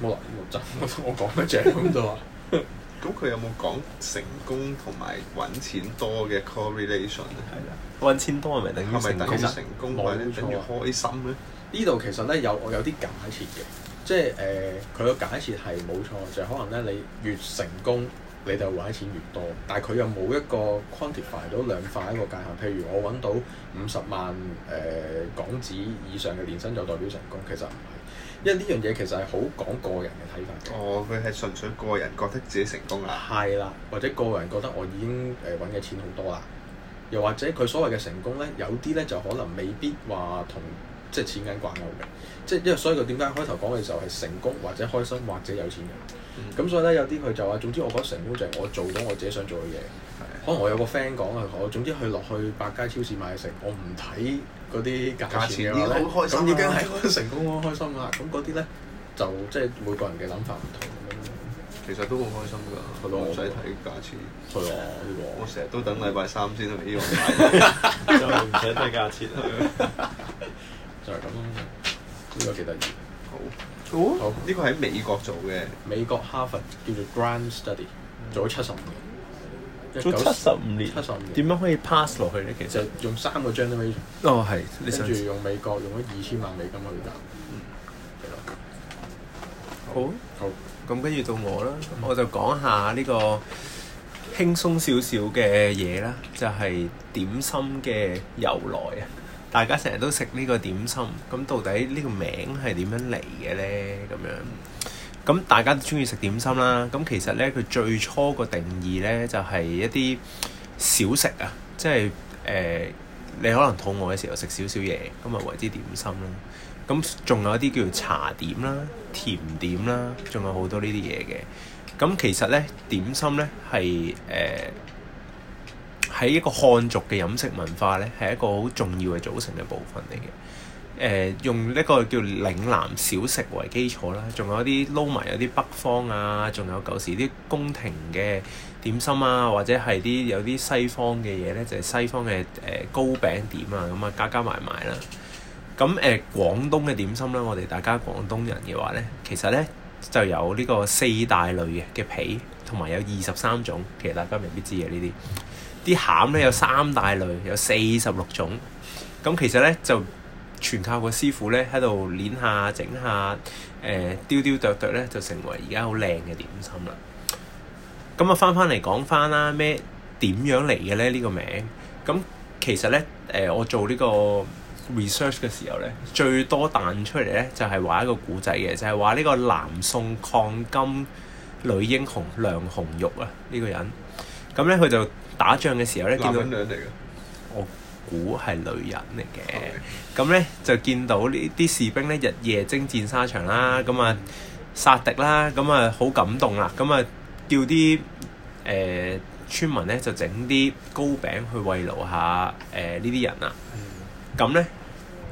旅行，我我講乜啫咁多啊？ [laughs] [laughs] [laughs] 咁佢有冇講成功同埋揾錢多嘅 correlation 咧？係啦，揾錢多係咪等於成功？係咪等於成功，或者等於開心咧？呢度其實咧有我有啲假設嘅，即係誒佢個假設係冇錯，就係、是、可能咧你越成功你就揾錢越多，但係佢又冇一個 quantify 到量化一個界限。譬如我揾到五十萬誒、呃、港紙以上嘅年薪就代表成功，其實。因為呢樣嘢其實係好講個人嘅睇法。哦，佢係純粹個人覺得自己成功啊？係啦，或者個人覺得我已經誒揾嘅錢好多啦。又或者佢所謂嘅成功咧，有啲咧就可能未必話同即係錢銀掛鈎嘅。即係因為所以佢點解開頭講嘅時候係成功或者開心或者有錢人。嗯。咁所以咧有啲佢就話，總之我覺得成功就係我做到我自己想做嘅嘢。的可能我有個 friend 講啊，我總之佢落去百佳超市買嘢食，我唔睇，嗰啲價錢，好開心，已經係好成功，好開心啦！咁嗰啲咧就即係每個人嘅諗法唔同，其實都好開心㗎，唔使睇價錢。係我成日都等禮拜三先去 U 買，就唔使睇價錢。就係咁，呢個幾得意。好，好，呢個喺美國做嘅，美國哈佛叫做 Grand Study，做咗七十年。做七十五年，七十五年點樣可以 pass 落去咧？其實用三個張都可以。哦，係，跟住用美國用咗二千萬美金去打。嗯，的好。好。咁跟住到我啦，我就講下呢個輕鬆少少嘅嘢啦，就係、是、點心嘅由來啊！大家成日都食呢個點心，咁到底呢個名係點樣嚟嘅咧？咁樣。咁大家都中意食點心啦，咁其實呢，佢最初個定義呢，就係、是、一啲小食啊，即係誒、呃、你可能肚餓嘅時候食少少嘢，咁咪為之點心啦。咁仲有一啲叫做茶點啦、甜點啦，仲有好多呢啲嘢嘅。咁其實呢，點心呢係誒喺一個漢族嘅飲食文化呢，係一個好重要嘅組成嘅部分嚟嘅。誒、呃、用呢個叫嶺南小食為基礎啦，仲有啲撈埋有啲北方啊，仲有舊時啲宮廷嘅點心啊，或者係啲有啲西方嘅嘢呢，就係、是、西方嘅誒糕餅點啊，咁啊加加埋埋啦。咁誒、呃、廣東嘅點心呢，我哋大家廣東人嘅話呢，其實呢就有呢個四大類嘅嘅皮，同埋有二十三種，其實大家未必知嘅呢啲啲餡呢，有三大類，有四十六種。咁其實呢就～全靠個師傅咧喺度攣下整下，誒雕雕剁剁咧就成為而家好靚嘅點心、嗯、啦。咁啊翻翻嚟講翻啦，咩點樣嚟嘅咧呢、呢個名？咁、嗯、其實咧誒、呃、我做呢個 research 嘅時候咧，最多彈出嚟咧就係、是、話一個古仔嘅，就係話呢個南宋抗金女英雄梁紅玉啊呢、呢個人。咁咧佢就打仗嘅時候咧，見到。嚟。估係女人嚟嘅，咁的呢，就見到呢啲士兵咧日夜征戰沙場啦，咁啊殺敵啦，咁啊好感動啦，咁啊叫啲誒、呃、村民呢，就整啲糕餅去慰勞下誒呢啲人啊。咁、嗯、呢，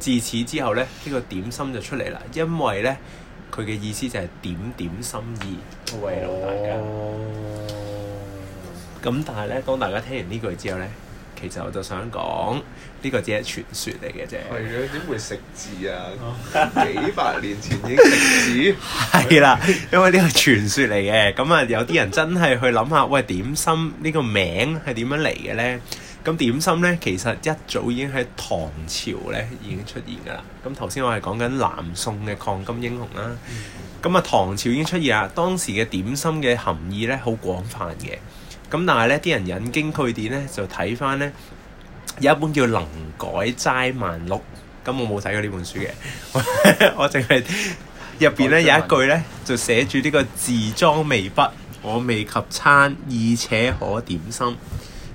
自此之後呢，呢、呢個點心就出嚟啦，因為呢，佢嘅意思就係點點心意慰勞大家。咁、嗯、但係呢，當大家聽完呢句之後呢。其實我就想講，呢、這個只係傳說嚟嘅啫。係嘅，點會食字啊？ [laughs] 幾百年前已經食字。係啦， [laughs] 因為呢個傳說嚟嘅。咁啊，有啲人真係去諗下，「喂，點心呢、這個名係點樣嚟嘅呢？」咁點心呢，其實一早已經喺唐朝呢已經出現噶啦。咁頭先我係講緊南宋嘅抗金英雄啦。咁啊、嗯，唐朝已經出現啦。當時嘅點心嘅含義呢，好廣泛嘅。咁但係呢啲人引經據典呢，就睇返呢，有一本叫《能改齋萬錄》。咁我冇睇過呢本書嘅，我淨係入邊呢有一句呢，就寫住呢、這個自裝未畢，我未及餐，而且可點心。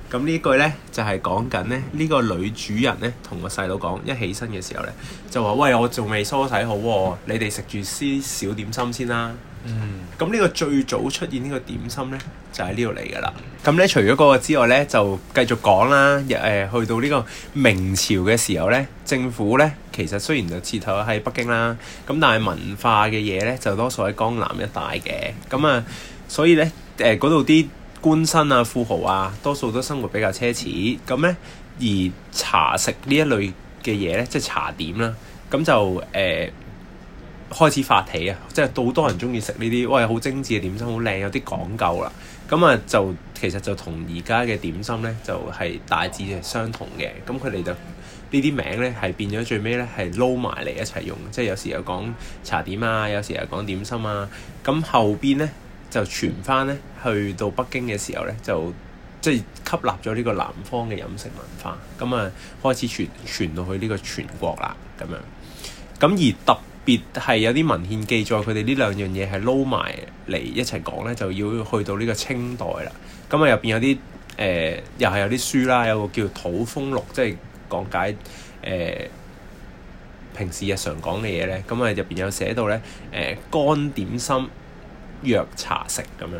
咁呢句呢，就係、是、講緊呢，呢、這個女主人呢，同個細佬講，一起身嘅時候呢，就話：喂，我仲未梳洗好、啊，你哋食住啲小點心先啦。嗯，咁呢個最早出現呢個點心呢，就喺呢度嚟噶啦。咁呢除咗嗰個之外呢，就繼續講啦。誒、呃，去到呢個明朝嘅時候呢，政府呢其實雖然就設頭喺北京啦，咁但係文化嘅嘢呢，就多數喺江南一帶嘅。咁啊，所以呢誒嗰度啲官紳啊、富豪啊，多數都生活比較奢侈。咁呢、嗯，而茶食呢一類嘅嘢呢，即、就、係、是、茶點啦。咁就誒。呃開始發起啊，即係好多人中意食呢啲，喂，好精緻嘅點心，好靚，有啲講究啦。咁啊，就其實就同而家嘅點心呢，就係大致係相同嘅。咁佢哋就呢啲名呢，係變咗最尾呢，係撈埋嚟一齊用。即係有時又講茶點啊，有時又講點心啊。咁後邊呢，就傳翻呢去到北京嘅時候呢，就即係吸納咗呢個南方嘅飲食文化。咁啊，開始傳傳到去呢個全國啦，咁樣。咁而特別係有啲文獻記載，佢哋呢兩樣嘢係撈埋嚟一齊講呢，就要去到呢個清代啦。咁啊入邊有啲誒、呃，又係有啲書啦，有個叫《土風錄》，即係講解誒、呃、平時日常講嘅嘢呢。咁啊入邊有寫到呢，誒、呃、乾點心、藥茶食咁樣。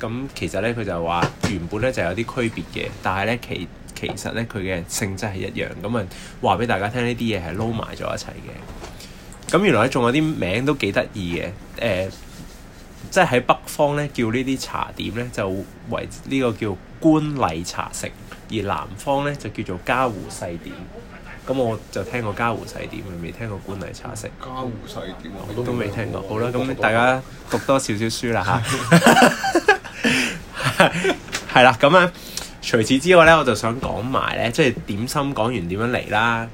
咁、嗯、其實呢，佢就話原本呢就係、有啲區別嘅，但係呢，其其實呢，佢嘅性質係一樣。咁啊話俾大家聽，呢啲嘢係撈埋咗一齊嘅。咁、嗯、原來仲有啲名都幾得意嘅，誒、呃，即係喺北方咧叫呢啲茶點咧就為呢個叫官禮茶食，而南方咧就叫做家湖細點。咁我就聽過家湖細點，未聽過官禮茶食。家湖細點我都未聽過。聽過好啦吧，咁大家讀多少少書啦嚇。係啦， [laughs] [laughs] [laughs] 咁啊，除此之外咧，我就想講埋咧，即、就、係、是、點心講完點樣嚟啦。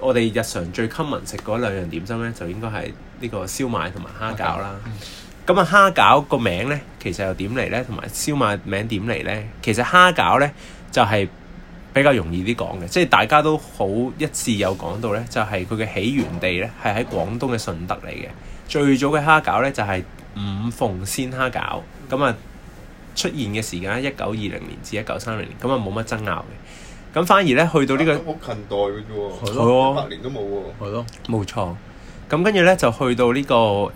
我哋日常最吸 o 食嗰兩樣點心呢，就應該係呢個燒賣同埋蝦餃啦。咁啊，蝦餃個名呢，其實又點嚟呢？同埋燒賣名點嚟呢？其實蝦餃呢，就係、是、比較容易啲講嘅，即係大家都好一致有講到呢，就係佢嘅起源地呢，係喺廣東嘅順德嚟嘅。最早嘅蝦餃呢，就係、是、五鳳仙蝦餃，咁啊出現嘅時間一九二零年至一九三零年，咁啊冇乜爭拗嘅。咁反而咧，去到呢個好近代嘅啫喎，幾百年都冇喎。係咯，冇錯。咁跟住咧，就去到呢個誒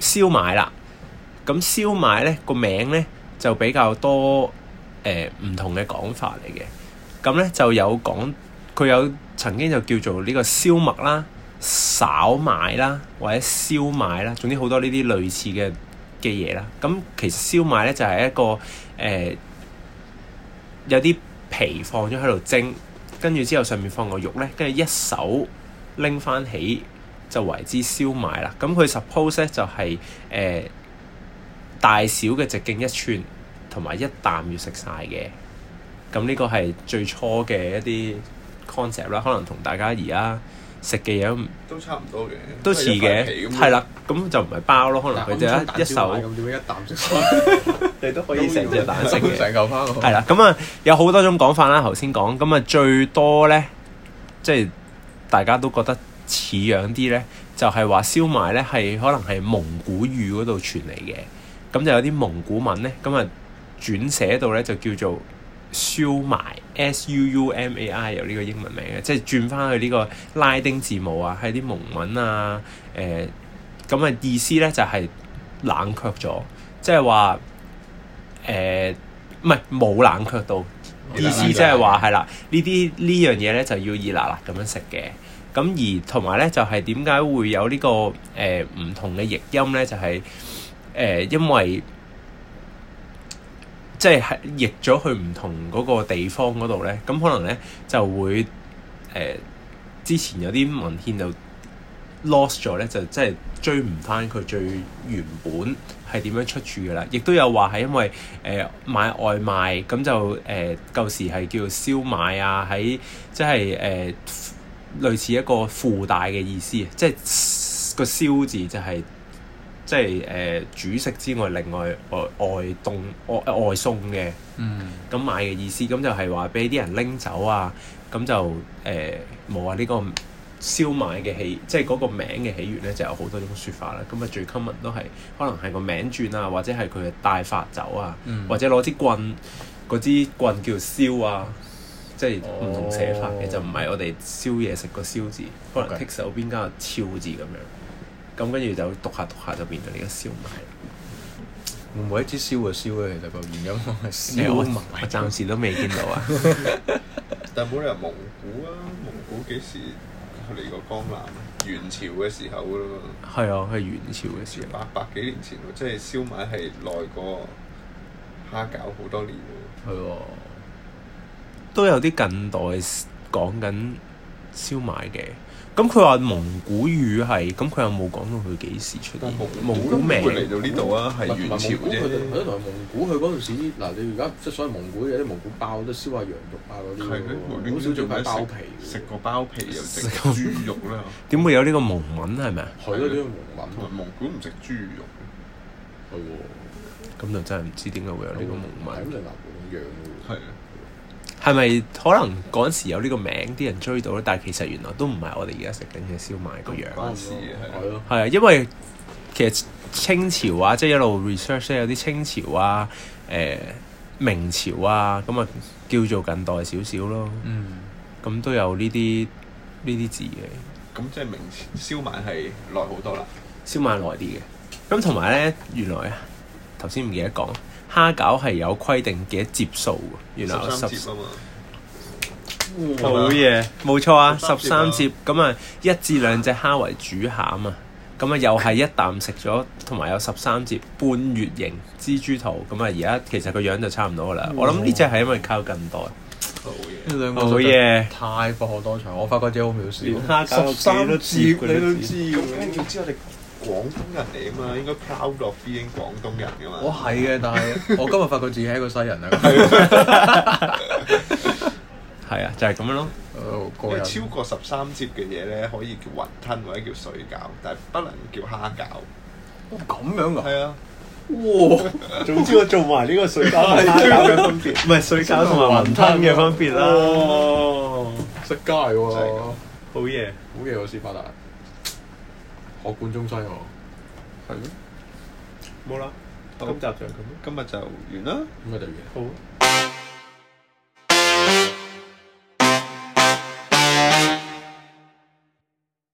燒賣啦。咁燒賣咧個名咧就比較多誒唔同嘅講法嚟嘅。咁咧就有講佢有曾經就叫做呢個燒麥啦、稍賣啦，或者燒賣啦，總之好多呢啲類似嘅嘅嘢啦。咁其實燒賣咧就係一個誒有啲。皮放咗喺度蒸，跟住之後上面放個肉呢，跟住一手拎翻起就為之燒賣啦。咁佢 suppose 呢，就係、是呃、大小嘅直徑一寸，同埋一啖要食晒嘅。咁呢個係最初嘅一啲 concept 啦，可能同大家而家，食嘅嘢都差唔多嘅，都似嘅，係啦，咁就唔係包咯，是可能佢就一 [laughs] 一手咁點樣一啖你都可以成隻蛋食嘅，係啦，咁啊有好多種講法啦，頭先講咁啊最多咧，即係大家都覺得似樣啲咧，就係話燒賣咧係可能係蒙古語嗰度傳嚟嘅，咁就有啲蒙古文咧，咁啊轉寫到咧就叫做。燒賣 S.U.U.M.A.I. 有呢個英文名嘅，即係轉翻去呢個拉丁字母啊，係啲蒙文啊，誒咁嘅意思咧就係、是、冷卻咗，即係話誒唔係冇冷卻到，卻到意思即係話係啦，呢啲呢樣嘢咧就要熱辣辣咁樣食嘅，咁而同埋咧就係點解會有呢、這個誒唔、呃、同嘅譯音咧？就係、是、誒、呃、因為。即係係譯咗去唔同嗰個地方嗰度咧，咁可能咧就會誒、呃、之前有啲文獻就 lost 咗咧，就即係追唔翻佢最原本係點樣出處嘅啦。亦都有話係因為誒、呃、買外賣咁就誒、呃、舊時係叫燒賣啊，喺即係誒、呃、類似一個附帶嘅意思，即係個燒字就係、係。即係誒煮食之外，另外、呃、外外，外送外外嘅，咁、嗯、買嘅意思，咁就係話俾啲人拎走啊。咁就誒冇話呢個燒賣嘅起，即係嗰個名嘅起源咧，就有好多種説法啦。咁啊最 common 都係可能係個名轉啊，或者係佢嘅帶發走啊，嗯、或者攞支棍，嗰支棍叫燒啊，即係唔同寫法嘅，哦、就唔係我哋燒嘢食個燒字，可能剔手邊間嘅超字咁樣。Okay. 咁跟住就篤下篤下就變到呢個燒賣，我唔係一支燒就燒嘅，其實個原因我係燒賣米。我暫時都未見到啊！ [laughs] [laughs] 但冇理由蒙古啊，蒙古幾時嚟過江南？元朝嘅時候咯。係啊，係元朝嘅時候。啊、時候八百幾年前喎，即係燒賣係耐過蝦餃好多年喎。係喎、啊，都有啲近代講緊燒賣嘅。咁佢話蒙古語係，咁佢有冇講到佢幾時出現？冇啦，未嚟到呢度啊，係元朝啫。佢都同蒙古，佢嗰陣時，嗱，你而家即係所謂蒙古有啲蒙古，蒙古包，都燒下羊肉啊嗰啲咯。好少做包皮。食過包皮又食豬肉啦。點 [laughs] 會有呢個蒙文係咪啊？係啲蒙文。蒙古唔食豬肉嘅。係喎。咁就真係唔知點解會有呢個蒙文。係。係咪可能嗰陣時有呢個名，啲人追到咧？但係其實原來都唔係我哋而家食緊嘅燒賣個樣。關事嘅係咯。係啊，因為其實清朝啊，即係一路 research 有啲清朝啊、誒、呃、明朝啊，咁啊叫做近代少少咯。嗯。咁都有，有呢啲呢啲字嘅。咁即係明朝燒賣係耐好多啦。燒賣耐啲嘅。咁同埋咧，原來啊，頭先唔記得講。蝦餃係有規定幾多摺數㗎？原來十三嘛，好嘢，冇錯啊，十三摺咁啊，一至兩隻蝦為主餡啊，咁啊又係一啖食咗，同埋有十三摺半月形蜘蛛肚，咁啊而家其實個樣就差唔多㗎啦。哦、我諗呢只係因為靠近代，好嘢、哦，哦、 [laughs] 太博學多才，我發覺自己好渺小。十三摺，你都知。 [laughs] 廣東人嚟啊嘛，應該 proud of being 廣東人噶嘛。我係嘅，但係我今日發覺自己係一個西人啊。係啊， [laughs] [laughs] 就係、是、咁樣咯。哦、超過十三摺嘅嘢咧，可以叫雲吞或者叫水餃，但係不能叫蝦餃。咁、哦、樣啊？係啊。哇！總之我做埋呢個水餃，蝦餃嘅分別？唔係的 [laughs] 水餃同埋雲吞嘅分別啦。食街喎，哦、好嘢！好嘢！我先發達。我貫、哦、中西我係咯，冇啦，今集就係咁，今日就完啦。今日就完。好的。好